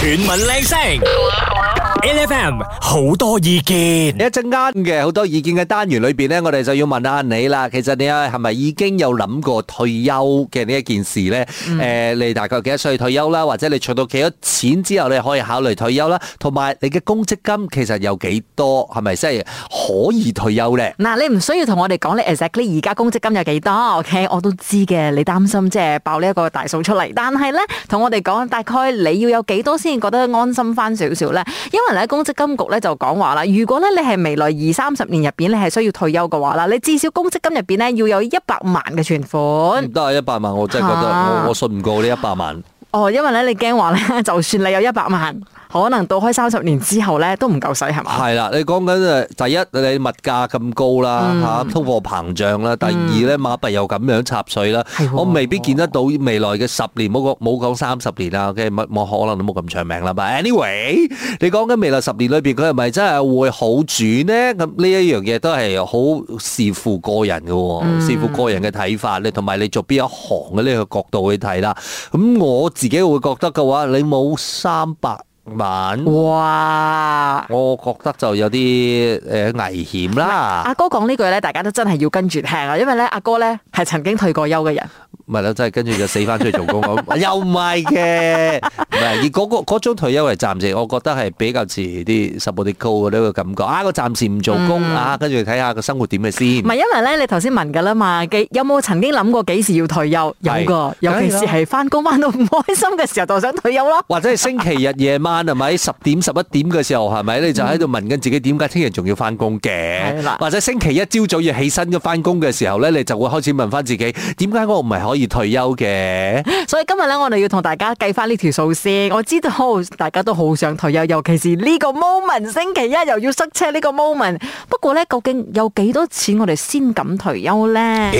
全民靚聲，L F M 好多意見。一陣間嘅好多意見嘅單元裏邊咧，我哋就要問下你啦。其實你係咪已經有諗過退休嘅呢一件事咧？誒，你大概幾多歲退休啦？或者你儲到幾多錢之後，你可以考慮退休啦。同埋你嘅公積金其實有幾多？係咪即係可以退休咧？嗱，你唔需要同我哋講你 exactly 而家公積金有幾多，OK 我都知嘅。你擔心即係爆呢一個大數出嚟，但係咧，同我哋講大概你要有幾多先？覺得安心翻少少咧，因為咧公積金局咧就講話啦，如果咧你係未來二三十年入邊你係需要退休嘅話啦，你至少公積金入邊咧要有一百萬嘅存款。唔得啊！一百萬，我真係覺得、啊、我我信唔過呢一百萬。哦，因為咧你驚話咧，就算你有一百萬。可能到開三十年之後咧，都唔夠使係嘛？係啦，你講緊誒，第一你物價咁高啦，吓、嗯啊、通貨膨脹啦，第二咧馬幣又咁樣插水啦，嗯、我未必見得到未來嘅十年，冇講冇講三十年啊嘅乜，我、okay? 可能都冇咁長命啦。Anyway，你講緊未來十年裏邊，佢係咪真係會好轉呢？咁呢一樣嘢都係好視乎個人嘅、哦，嗯、視乎個人嘅睇法咧，同埋你做邊一行嘅呢個角度去睇啦。咁我自己會覺得嘅話，你冇三百。文哇，我覺得就有啲誒危險啦。阿哥講呢句咧，大家都真係要跟住聽啊，因為咧阿哥咧係曾經退過休嘅人。唔係啦，真係跟住就死翻出去做工。又唔係嘅，唔係。而嗰個嗰種退休係暫時，我覺得係比較遲啲，生活啲高嗰啲嘅感覺。啊，個暫時唔做工啊，跟住睇下個生活點嘅先。唔係，因為咧你頭先問噶啦嘛，幾有冇曾經諗過幾時要退休？有噶，尤其是係翻工翻到唔開心嘅時候，就想退休囉。或者係星期日夜晚。係咪十點十一點嘅時候？係咪你就喺度問緊自己點解聽日仲要翻工嘅？或者星期一朝早要起身咁翻工嘅時候咧，你就會開始問翻自己點解我唔係可以退休嘅？所以今日咧，我哋要同大家計翻呢條數先。我知道大家都好想退休，尤其是呢個 moment，星期一又要塞車呢個 moment。不過咧，究竟有幾多錢我哋先敢退休咧？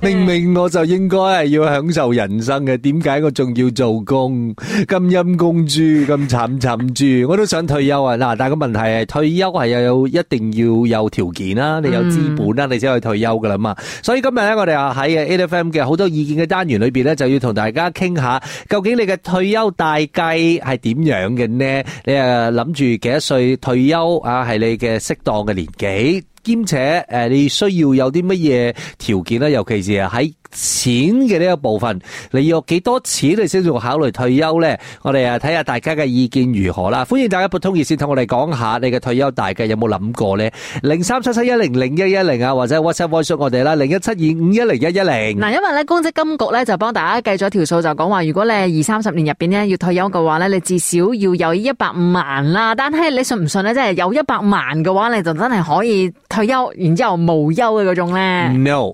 明明我就應該係要享受人生嘅，點解我仲要做工？咁陰公豬。沉沉住，我都想退休啊！嗱，但係個問題係退休係有有一定要有條件啦，你有資本啦，你先可以退休噶啦嘛。嗯、所以今日咧，我哋喺 A F M 嘅好多意見嘅單元裏邊咧，就要同大家傾下，究竟你嘅退休大計係點樣嘅呢？你誒諗住幾多歲退休啊？係你嘅適當嘅年紀。兼且誒，你需要有啲乜嘢條件咧？尤其是喺錢嘅呢一個部分，你要幾多錢你先至會考慮退休咧？我哋啊睇下大家嘅意見如何啦！歡迎大家撥通熱線同我哋講下你嘅退休大計有冇諗過咧？零三七七一零零一一零啊，或者 WhatsApp 我哋啦，零一七二五一零一一零。嗱，因為咧公積金局咧就幫大家計咗條數，就講話如果你二三十年入邊咧要退休嘅話咧，你至少要有一百五萬啦。但係你信唔信咧？即係有一百萬嘅話，你就真係可以，退休，然之後無憂嘅嗰種咧，no，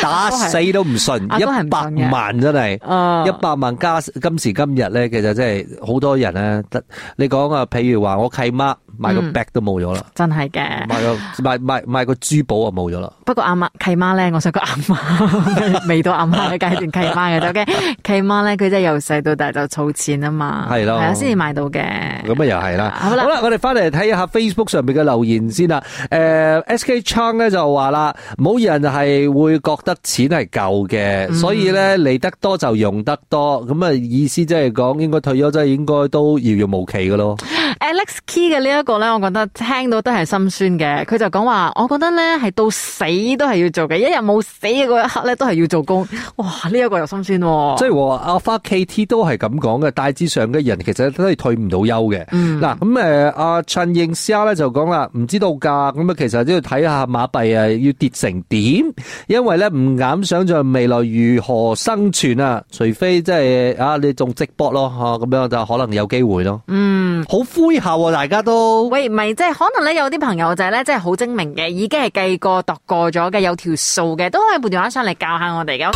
打死都唔信，一百萬真係，一百萬加今時今日咧，其實真係好多人咧，得你講啊，譬如話我契媽買個 back 都冇咗啦，真係嘅，買個買買買個珠寶啊冇咗啦。不過阿媽契媽咧，我想講阿媽，未到阿媽嘅階段契媽嘅，OK，契媽咧佢真係由細到大就儲錢啊嘛，係咯，係啊，先至買到嘅，咁啊又係啦。好啦，好啦，我哋翻嚟睇一下 Facebook 上面嘅留言先啦，誒。S.K. Chang 咧就話啦，冇人係會覺得錢係夠嘅，所以咧嚟得多就用得多，咁啊意思即係講，應該退休真係應該都遙遙無期嘅咯。Alex Key 嘅呢一個咧，我覺得聽到都係心酸嘅。佢就講話，我覺得咧係到死都係要做嘅，一日冇死嘅嗰一刻咧，都係要做工。哇，呢、這、一個又心酸。即係阿阿花 KT 都係咁講嘅，大致上嘅人其實都係退唔到休嘅。嗱、嗯，咁誒、啊，阿陳應 C R 咧就講啦，唔知道㗎，咁啊，其實都要睇下馬幣啊，要跌成點，因為咧唔敢想象未來如何生存啊，除非即、就、係、是、啊，你仲直播咯，吓、啊、咁樣就可能有機會咯。嗯，好。下大家都喂，唔係即係可能咧，有啲朋友仔係咧，即係好精明嘅，已經係計過、度過咗嘅，有條數嘅，都可以撥電話上嚟教下我哋咁。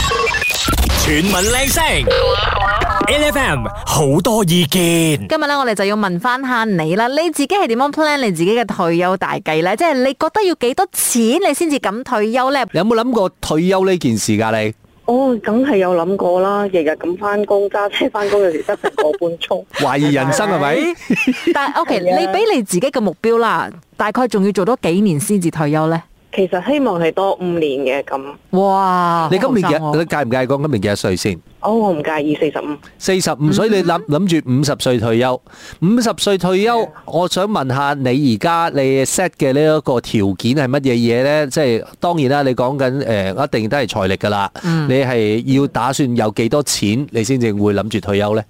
全民靚聲，LFM，好多意見。今日咧，我哋就要問翻下你啦，你自己係點樣 plan 你自己嘅退休大計咧？即係你覺得要幾多錢你先至敢退休咧？你有冇諗過退休呢件事噶你？哦 oh，梗係有諗過啦，日日咁返工，揸車返工有時得個半鐘， 懷疑人生, 係咪? 但係, ok 你俾你自己嘅目標啦大概仲要做多幾年先至退休呢？其實希望係多五年嘅咁, 哇，你今年幾多？你介唔介意講今年幾多歲先？哦，我唔介意四十五，四十五，所以你諗諗住五十歲退休，五十歲退休，我想問下你而家你 set 嘅呢一個條件係乜嘢嘢咧？即係當然啦，你講緊誒一定都係財力噶啦，你係要打算有幾多錢，你先至會諗住退休咧？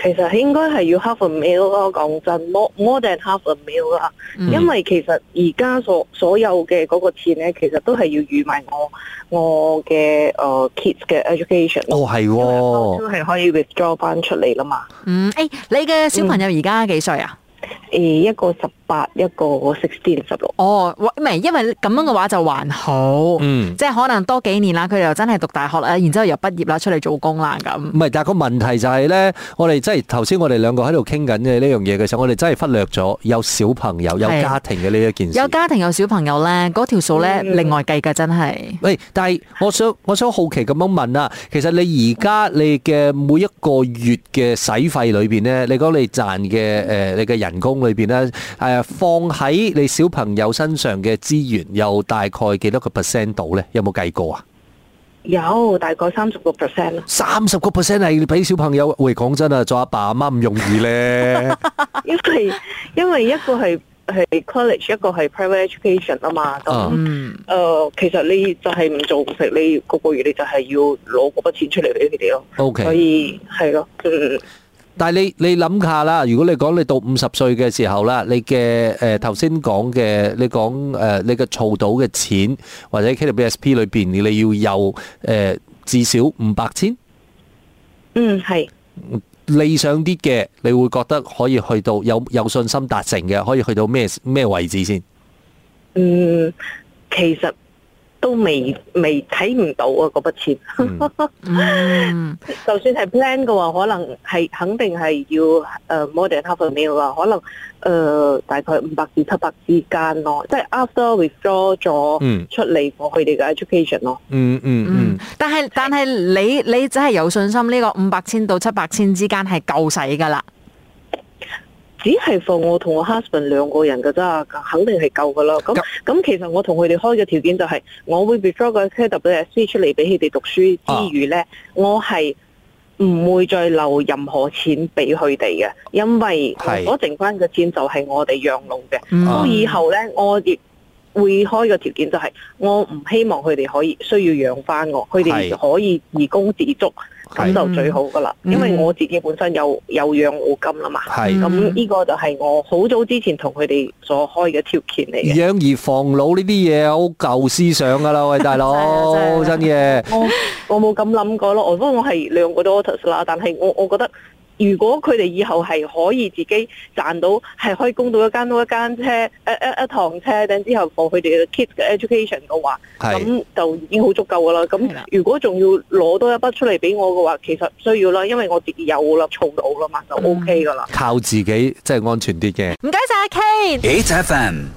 其實應該係要 half a mil 咯，講真，more more than half a mil 啦。因為其實而家所所有嘅嗰個錢咧，其實都係要預埋我我嘅誒、呃、kids 嘅 education。哦，係、哦，都係可以 withdraw 翻出嚟啦嘛。嗯，誒、欸，你嘅小朋友而家幾歲啊？嗯誒，一個十八，一個 sixteen，十六。哦，唔係，因為咁樣嘅話就還好，嗯，即係可能多幾年啦，佢又真係讀大學啦，然之後又畢業啦，出嚟做工啦咁。唔係，但係個問題就係咧，我哋即係頭先我哋兩個喺度傾緊嘅呢樣嘢嘅時候，我哋真係忽略咗有小朋友、有家庭嘅呢一件事。有家庭、有小朋友咧，嗰條數咧另外計噶，真係。喂，但係我想，我想好奇咁樣問啊，其實你而家你嘅每一個月嘅使費裏邊咧，你講你賺嘅誒，你嘅人工。裏邊咧，誒，放喺你小朋友身上嘅資源又大概幾多個 percent 度咧？有冇計過啊？有，大概三十個 percent。三十個 percent 係俾小朋友。喂，講真啊，做阿爸阿媽唔容易咧。 因為因為一個係係 college，一個係 private education 啊嘛。哦。誒，其實你就係唔做唔食，你個個月你就係要攞嗰筆錢出嚟俾佢哋咯。OK。所以係咯。嗯。但係你你諗下啦，如果你講你到五十歲嘅時候啦，你嘅誒頭先講嘅，你講誒、呃、你嘅儲到嘅錢或者 KWSP 裏邊，你要有誒、呃、至少五百千。嗯，係。理想啲嘅，你會覺得可以去到有有信心達成嘅，可以去到咩咩位置先？嗯，其實。都未未睇唔到啊！嗰筆錢， 就算係 plan 嘅話，可能係肯定係要誒 more than half a million 可能誒、呃、大概五百至七百之間咯，即係 after withdraw 咗出嚟，過佢哋嘅 education 咯。嗯嗯嗯，嗯。但係是但係你你真係有信心呢、這個五百千到七百千之間係夠使㗎啦。只係放我同我 husband 兩個人嘅咋，肯定係夠嘅啦。咁咁 其實我同佢哋開嘅條件就係、是，我會 withdraw 個 KWSP 出嚟俾佢哋讀書之餘呢，啊、我係唔會再留任何錢俾佢哋嘅，因為嗰是剩翻嘅錢就係我哋養老嘅。咁、嗯、以後呢，我亦會開個條件、就是，就係我唔希望佢哋可以需要養翻我，佢哋可以自給自足。咁就最好噶啦，是因為我自己本身有、嗯、有養老金啦嘛，咁呢是個就係我好早之前同佢哋所開嘅條件嚟嘅。養兒防老呢啲嘢好舊思想噶啦，喂大佬，真嘅。 我我冇咁諗過咯，我不過我係兩個 daughter 啦，但係我我覺得。如果佢哋以後係可以自己賺到，係可以供到一間多一間車，一堂車，等之後放佢哋嘅 kids 嘅 education 嘅話，咁就已經好足夠㗎喇。咁如果仲要攞多一筆出嚟畀我嘅話，其實唔需要喇，因為我自己有喇，儲到喇嘛，就 OK 㗎喇。靠自己，即係安全啲嘅。唔該晒，Kate，幾謝。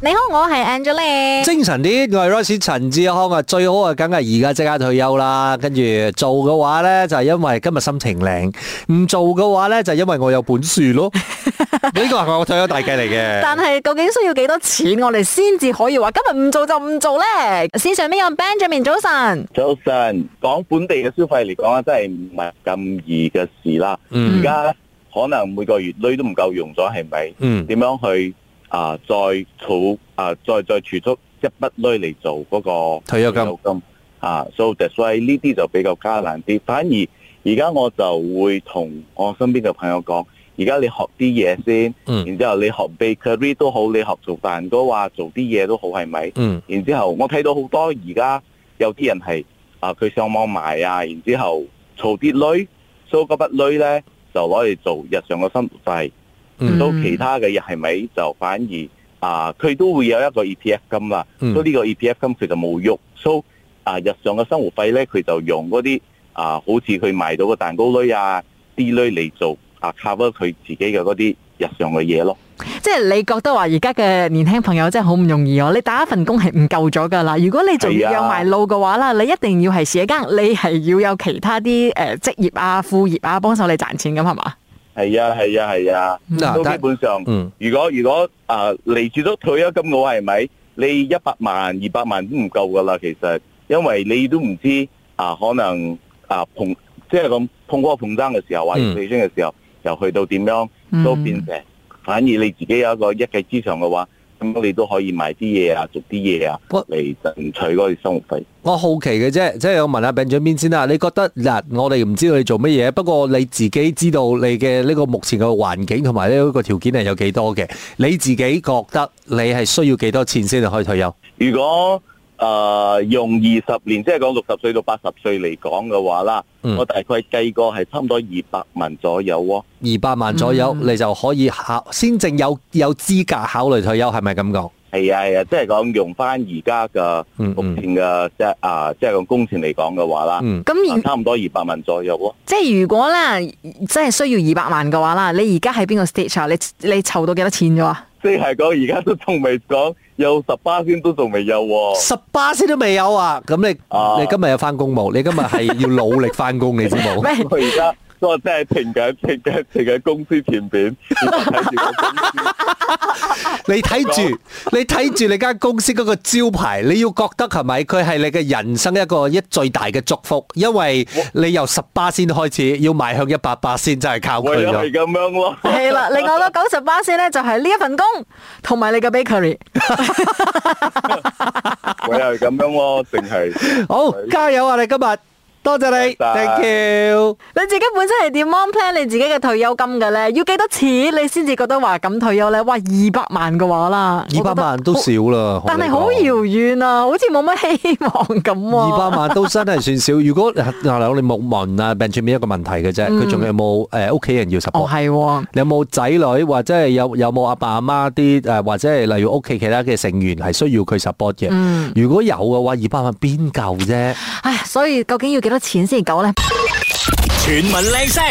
你好，我係 Angelina，精神啲，我係 Rose 陳志康呀。最好呀，梗係而家即刻退休喇。跟住做嘅話呢，就係因為今日心情靚，唔做嘅話呢。8FM 咧，就係因為我有本事咯，呢個係我退休大計嚟嘅。但係究竟需要幾多錢，我哋先至可以話今日唔做就唔做咧？線上邊有 Benjamin，早晨，早晨，講本地嘅消費嚟講啊，真係唔係咁易嘅事啦。而家可能每個月鐳都唔夠用咗，係咪？嗯。點樣去啊？再儲啊？再再儲蓄一筆鐳嚟做嗰個退休金啊？所以，所以呢啲就比較艱難啲，反而。而家我就會同我身邊嘅朋友講，而家你學啲嘢先，嗯、然之後你學 bakery 都好，你學做蛋糕、做啲嘢都好，係咪、嗯啊？然之後我睇到好多而家有啲人係啊，佢上網買啊，然之後儲啲鐳，收嗰筆鐳呢，就攞嚟做日常嘅生活費，唔到其他嘅嘢係咪就反而啊，佢都會有一個 ETF 金啦，所以呢個 ETF 金佢就冇喐。so 啊，日常嘅生活費呢，佢就用嗰啲。啊，好似佢賣到個蛋糕女啊、啲女嚟做啊，靠咗佢自己嘅嗰啲日常嘅嘢咯。即係你覺得話而家嘅年輕朋友真係好唔容易哦！你打一份工係唔夠咗噶啦，如果你仲要養埋老嘅話啦，你一定要係社交，你係要有其他啲誒職業啊、副業啊幫手你賺錢咁係嘛？係啊，係啊，係啊，都基本上，嗯，如果如果啊嚟住咗退休金嘅話，係咪你一百萬、二百萬都唔夠噶啦？其實，因為你都唔知啊，可能。啊碰即係咁碰嗰個碰針嘅時候啊，或者四星嘅時候，就去到點樣都變成。反而你自己有一個一技之長嘅話，咁你都可以賣啲嘢啊，做啲嘢啊，嚟存取嗰個生活費。我好奇嘅啫，即係我問下 Ben 長邊先啦。你覺得嗱，我哋唔知道你做乜嘢，不過你自己知道你嘅呢個目前嘅環境同埋呢個條件係有幾多嘅。你自己覺得你係需要幾多錢先至可以退休？如果誒、呃，用二十年即係講六十歲到八十歲嚟講嘅話啦，嗯、我大概計過係差唔多二百萬左右喎。二百萬左右，嗯嗯嗯、你就可以考先正有有資格考慮退休，係咪咁講？係啊係啊，即係講用翻而家嘅目前嘅即係啊，即係用工錢嚟講嘅話啦，咁、嗯、差唔多二百萬左右咯、嗯嗯嗯。即係如果咧，即係需要二百萬嘅話啦，你而家喺邊個 stage 啊？你你湊到幾多錢咗啊？即係講而家都仲未講。有十八圈都仲未有喎、哦，十八先都未有啊！咁你、啊、你今日有返工冇？你今日係要努力返工，你知冇？咩？我真係停緊停緊停緊喺公司前邊，你睇住你睇住你間公司嗰個招牌，你要覺得係咪佢係你嘅人生一個一最大嘅祝福？因為你由十巴仙開始，哇要邁向一百巴仙，真係靠佢咯。係咁、哎、樣咯。係 啦，另外咯，九十巴仙咧，就係呢一份工同埋你嘅 bakery。係 咁、哎、樣咯，定係好 加油啊！你今日。 多謝你多謝，Thank you。你自己本身係點 plan 你自己嘅退休金嘅咧？要幾多錢你先至覺得話咁退休咧？哇，二百萬嘅話啦，二百萬都少啦。但係好遙遠啊，哦、好似冇乜希望咁、啊。二百萬都真係算少， 如果嗱嗱我哋目盲啊，病全面一個問題嘅啫。佢仲、嗯、有冇誒屋企人要 support？哦、係喎、你有冇仔女或者係有有冇阿爸阿媽啲誒，或者係例如屋企其他嘅成員係需要佢 support 嘅？嗯、如果有嘅話，二百萬邊夠啫？唉、哎，所以究竟要幾？多錢先夠咧？全民靚聲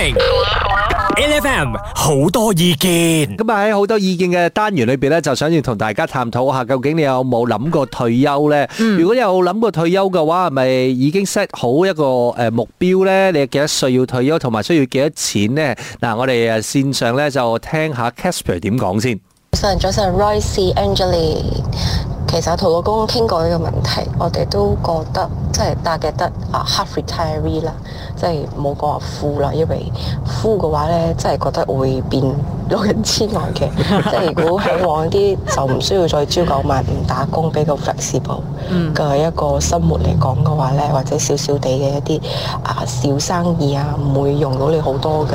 ，L F M 好多意見。咁啊喺好多意見嘅單元裏邊咧，就想要同大家探討下，究竟你有冇諗過退休咧？如果有諗過退休嘅話，係咪已經 set 好一個誒目標咧？你幾多歲要退休，同埋需要幾多錢咧？嗱，我哋誒線上咧就聽下 Casper 點講先。早晨早晨，Royce Angelique。其實我同老公傾過呢個問題，我哋都覺得即係大嘅得啊，half-retire 啦，即係冇講話富啦，因為富嘅話咧，即係覺得會變老人痴呆嘅。即係如果向往啲 就唔需要再朝九晚五打工，比較 flexible 嘅一個生活嚟講嘅話咧，或者少少地嘅一啲啊小生意啊，唔會用到你好多嘅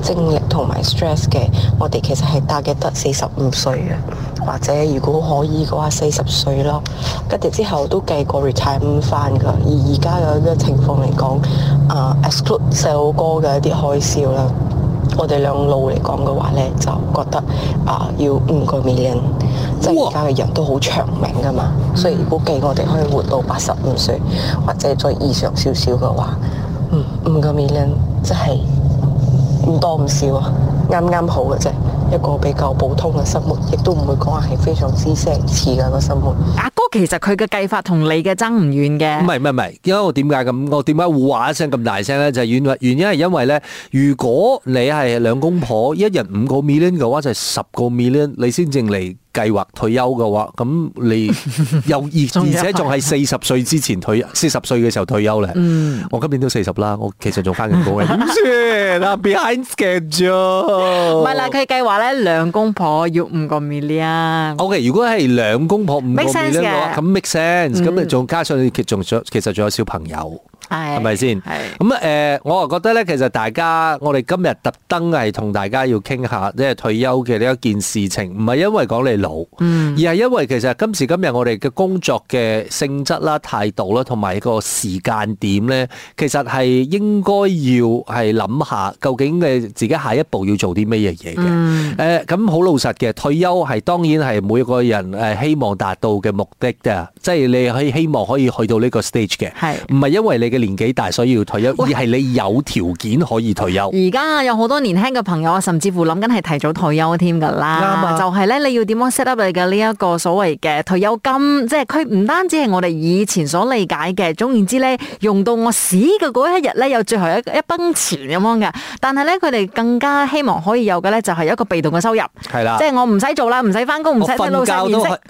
精力同埋 stress 嘅。我哋其實係大嘅得四十五歲嘅。或者如果可以嘅話，四十歲咯，跟住之後都計過 retire 翻噶。而而家嘅呢情況嚟講，啊、呃、，exclude 細佬哥嘅一啲開銷啦，我哋兩路嚟講嘅話咧，就覺得啊、呃，要五個 million 哇。即係而家嘅人都好長命噶嘛，所以估計我哋可以活到八十五歲，嗯、或者再以上少少嘅話，五個 million 即係唔多唔少啊，啱啱好嘅啫。一個比較普通嘅生活，亦都唔會講話係非常之奢侈嘅個生活。阿哥，哥，其實佢嘅計法同你嘅爭唔遠嘅。唔係唔係唔係，因為我點解咁，我點解話一聲咁大聲咧？就係、是、因原，原因係因為咧，如果你係兩公婆，是一人五個 million 嘅話，就係、是、十個 million，你先至嚟。計劃退休嘅話，咁你又而而且仲係四十歲之前退，四十歲嘅時候退休咧。嗯，我今年都四十啦，我其實仲翻緊工嘅。點算啊？Behind schedule。唔係啦，佢計劃咧兩公婆要五個 million。O K，如果係兩公婆五個 million 嘅話，咁 make sense。咁你仲加上你仲想，其實仲有小朋友。係咪先？係咁，誒，我啊覺得咧，其實大家我哋今日特登係同大家要傾下，即係退休嘅呢一件事情，唔係因為講你老，嗯、而係因為其實今時今日我哋嘅工作嘅性質啦、態度啦，同埋個時間點咧，其實係應該要係諗下究竟你自己下一步要做啲咩嘢嘢嘅。誒、嗯，咁好老實嘅，退休係當然係每個人誒希望達到嘅目的嘅，即係你可以希望可以去到呢個 stage 嘅，係，唔係因為你年紀大，所以要退休，而係你有條件可以退休。而家有好多年輕嘅朋友啊，甚至乎諗緊係提早退休添噶啦。啱吧就係咧，你要點樣 set up 你嘅呢一個所謂嘅退休金？即係佢唔單止係我哋以前所理解嘅，總言之咧，用到我死嘅嗰一日咧，有最後一一崩錢咁樣嘅。但係咧，佢哋更加希望可以有嘅咧，就係一個被動嘅收入。係啦，即係我唔使做啦，唔使翻工，唔使瞓覺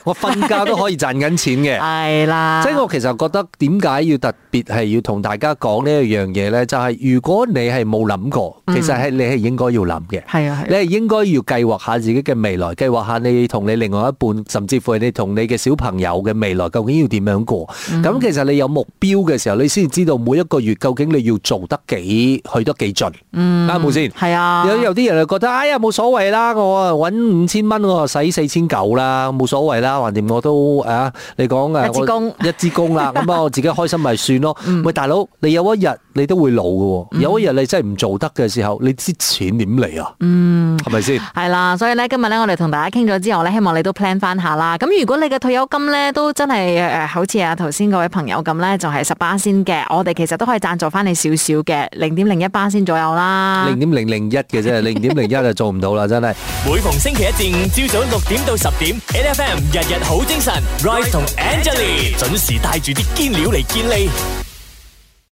我瞓覺都可以賺緊 錢嘅。係 啦，即係我其實覺得點解要特別係要同。同大家講呢一樣嘢咧，就係如果你係冇諗過，其實係你係應該要諗嘅。係啊，係。你係應該要計劃下自己嘅未來，計劃下你同你另外一半，甚至乎係你同你嘅小朋友嘅未來，究竟要點樣過？咁其實你有目標嘅時候，你先知道每一個月究竟你要做得幾去得幾盡，啱唔啱先？係啊。有有啲人就覺得，哎呀冇所謂啦，我啊揾五千蚊，我使四千九啦，冇所謂啦，橫掂我都啊，你講啊，一支工一支工啦，咁啊，我自己開心咪算咯。嗯。咁但大佬，Hello, 你有一日你都會老嘅，有一日你真係唔做得嘅時候，你啲錢點嚟啊？嗯、mm. 吧，係咪先？係啦，所以咧今日咧我哋同大家傾咗之後咧，希望你都 plan 翻下啦。咁如果你嘅退休金咧都真係誒、呃，好似阿頭先嗰位朋友咁咧，就係十八巴仙嘅，我哋其實都可以贊助翻你少少嘅，零點零一巴仙左右啦。零點零零一嘅啫，零點零一就做唔到啦，真係。 每逢星期一至五，朝早六點到十點，NFM 日日好精神 Rise 同 Angelie 準時帶住啲堅料嚟見你。